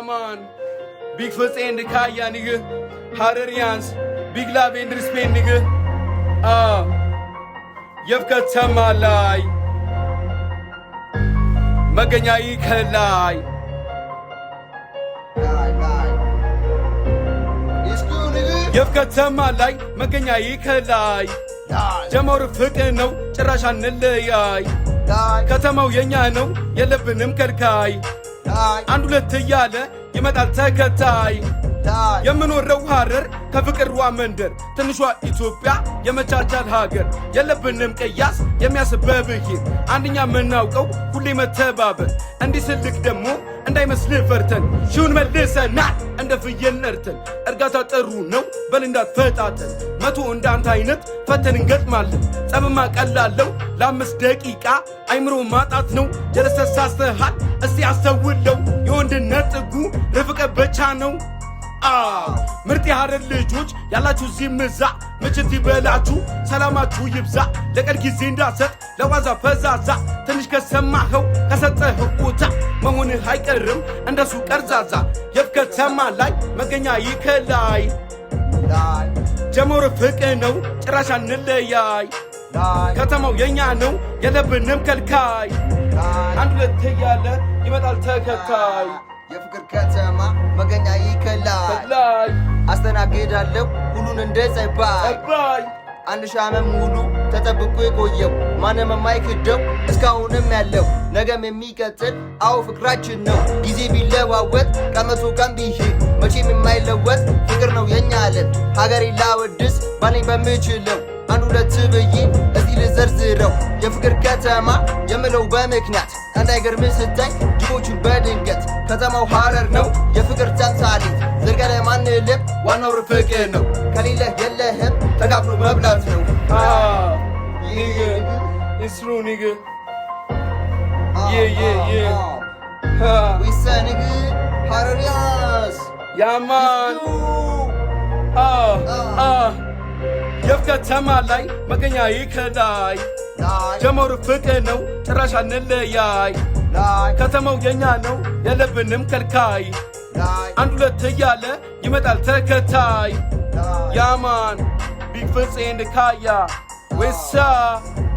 አማን ቢግ förseende ካያ jag nigga. ቢግ jans. Big የፍከት ሰማ ላይ መገኛ ይከላይ የፍቀ ላይ መገኛ ይከላይ ጀመሩ ፍቅር ነው ጭራሽ አንለያይ ከተማው የኛ ነው የለብንም ከልካይ አንድ ሁለት እያለ ይመጣል ተከታይ። የምኖረው ሀረር ከፍቅርዋ መንደር ትንሿ ኢትዮጵያ የመቻቻል ሀገር የለብንም ቀያስ የሚያስበብሄር አንደኛ የምናውቀው ሁሌ መተባበር እንዲህ ስልክ ደግሞ እንዳይመስል ፈርተን ሺውን መልሰናል እንደ ፍየል ነርተን እርጋታ ጥሩ ነው በል እንዳትፈጣተን መቶ እንዳንተ አይነት ፈተን እንገጥማለን ጠብማ ቀላለው ለአምስት ደቂቃ አይምሮ ማጣት ነው ደረሰሳስተሃል እስቲ አስተውለው የወንድነት ጥጉ ርፍቀ ብቻ ነው ምርጥ የሀረር ልጆች ያላችሁ እዚህ ምዛ ምችት ይበላችሁ ሰላማችሁ ይብዛ ለቀል ጊዜ እንዳሰጥ ለዋዛ ፈዛዛ ትንሽ ከሰማኸው ከሰጠህ ቦታ መሆንህ አይቀርም እንደሱ ቀርዛዛ ሰማ ላይ መገኛ ይከላይ ላይ ጀሞር ፍቅ ነው ጭራሽ አንለያይ ከተማው የኛ ነው የለብንም ከልካይ አንድ ሁለት እያለ ይመጣል ተከታይ የፍቅር ከተማ መገኛ ይከላይ አስተናግዳለሁ ሁሉን እንደ ጸባይ አንድ ሺህ ዓመት ሙሉ ተጠብቆ የቆየው ማንም የማይክደው እስካሁንም ያለው ነገም የሚቀጥል አው ፍቅራችን ነው። ጊዜ ቢለዋወጥ ከመቶ ቀን ቢሄድ መቼም የማይለወጥ ፍቅር ነው የኛ አለን። ሀገሬ ላወድስ ባለኝ በምችለው አንድ ሁለት ብዬ እዚህ ልዘርዝረው የፍቅር ከተማ የምለው በምክንያት እንዳይገርምህ ስታይ ድቦቹን በድንገት ከተማው ሀረር ነው የፍቅር ተምሳሌት ዝርጋ ለማን ልብ ዋናው ፍቅር ነው ከሌለህ የለ አካፍሎ መብላት ነው። ንግ ንግ ያማን ላይ መገኛ ይከዳይ ጀመሩ ፍቅር ነው ጭራሽ አንለያይ ከተማው የኛ ነው የለብንም ከልካይ አንድ ሁለት እያለ ይመጣል ተከታይ ያማን Bigfoot's in the car, y'all. What's up?